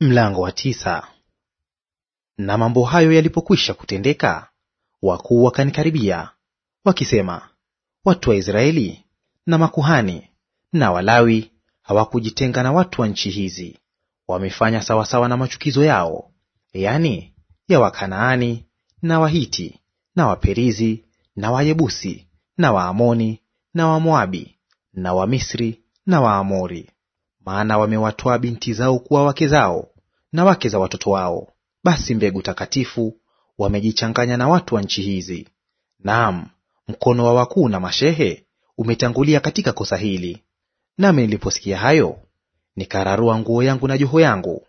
Mlango wa tisa. Na mambo hayo yalipokwisha kutendeka, wakuu wakanikaribia wakisema, watu wa Israeli na makuhani na Walawi hawakujitenga na watu wa nchi hizi, wamefanya sawasawa na machukizo yao, yaani ya Wakanaani na Wahiti na Waperizi na Wayebusi na Waamoni na Wamoabi na Wamisri na Waamori maana wamewatoa binti zao kuwa wake zao na wake za watoto wao. Basi mbegu takatifu wamejichanganya na watu wa nchi hizi. Naam, mkono wa wakuu na mashehe umetangulia katika kosa hili. Nami niliposikia hayo, nikararua nguo yangu na joho yangu,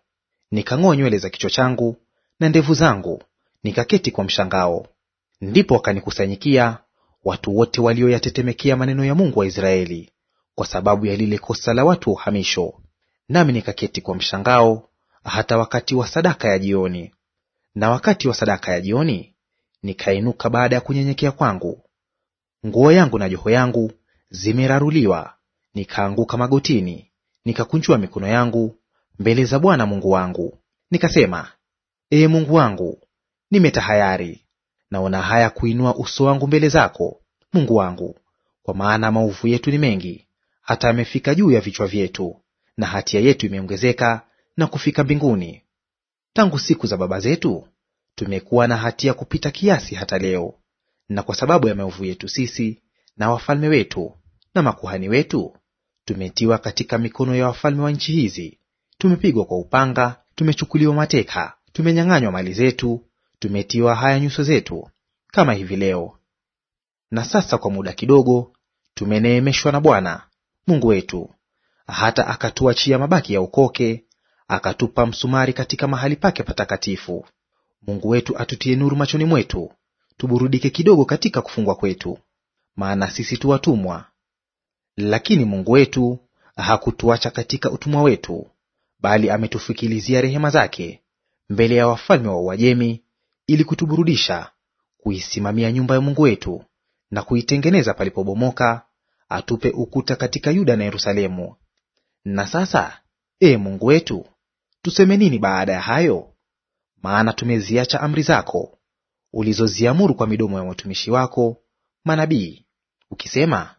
nikang'oa nywele za kichwa changu na ndevu zangu, nikaketi kwa mshangao. Ndipo wakanikusanyikia watu wote walioyatetemekea maneno ya Mungu wa Israeli, kwa sababu ya lile kosa la watu wa uhamisho, nami nikaketi kwa mshangao hata wakati wa sadaka ya jioni. Na wakati wa sadaka ya jioni nikainuka baada ya kunyenyekea kwangu, nguo yangu na joho yangu zimeraruliwa, nikaanguka magotini, nikakunjua mikono yangu mbele za Bwana Mungu wangu, nikasema, Ee Mungu wangu, nimetahayari, naona haya kuinua uso wangu mbele zako, Mungu wangu, kwa maana maovu yetu ni mengi hata amefika juu ya vichwa vyetu, na hatia yetu imeongezeka na kufika mbinguni. Tangu siku za baba zetu tumekuwa na hatia kupita kiasi hata leo, na kwa sababu ya maovu yetu sisi na wafalme wetu na makuhani wetu tumetiwa katika mikono ya wafalme wa nchi hizi, tumepigwa kwa upanga, tumechukuliwa mateka, tumenyang'anywa mali zetu, tumetiwa haya nyuso zetu kama hivi leo. Na sasa kwa muda kidogo tumeneemeshwa na Bwana, Mungu wetu, hata akatuachia mabaki ya ukoke, akatupa msumari katika mahali pake patakatifu. Mungu wetu atutie nuru machoni mwetu, tuburudike kidogo katika kufungwa kwetu, maana sisi tu watumwa. Lakini Mungu wetu hakutuacha katika utumwa wetu, bali ametufikilizia rehema zake mbele ya wafalme wa Uajemi, ili kutuburudisha, kuisimamia nyumba ya Mungu wetu na kuitengeneza palipobomoka atupe ukuta katika Yuda na Yerusalemu. Na sasa, e Mungu wetu, tuseme nini baada ya hayo? Maana tumeziacha amri zako ulizoziamuru kwa midomo ya watumishi wako manabii, ukisema,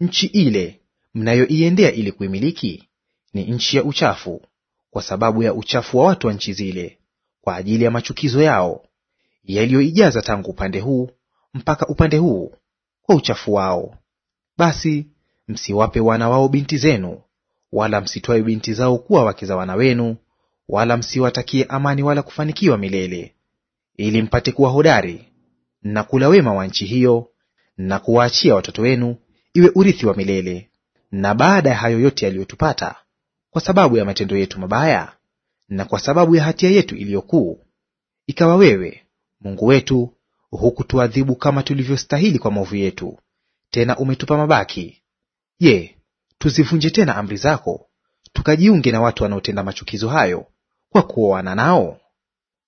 nchi ile mnayoiendea ili kuimiliki ni nchi ya uchafu, kwa sababu ya uchafu wa watu wa nchi zile, kwa ajili ya machukizo yao yaliyoijaza tangu upande huu mpaka upande huu kwa uchafu wao. Basi msiwape wana wao binti zenu, wala msitoe binti zao kuwa wake za wana wenu, wala msiwatakie amani wala kufanikiwa milele, ili mpate kuwa hodari na kula wema wa nchi hiyo, na kuwaachia watoto wenu iwe urithi wa milele. Na baada ya hayo yote yaliyotupata kwa sababu ya matendo yetu mabaya na kwa sababu ya hatia yetu iliyokuu, ikawa wewe Mungu wetu hukutuadhibu kama tulivyostahili kwa maovu yetu, tena umetupa mabaki. Je, tuzivunje tena amri zako, tukajiunge na watu wanaotenda machukizo hayo kwa kuoana nao?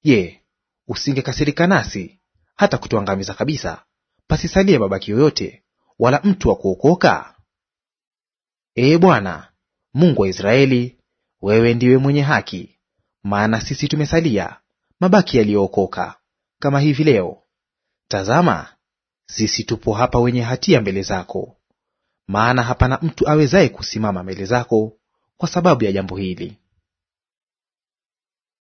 Je, usingekasirika nasi hata kutuangamiza kabisa, pasisalie mabaki yoyote, wala mtu wa kuokoka? Ee Bwana Mungu wa Israeli, wewe ndiwe mwenye haki, maana sisi tumesalia mabaki yaliyookoka kama hivi leo. Tazama, sisi tupo hapa wenye hatia mbele zako, maana hapana mtu awezaye kusimama mbele zako kwa sababu ya jambo hili.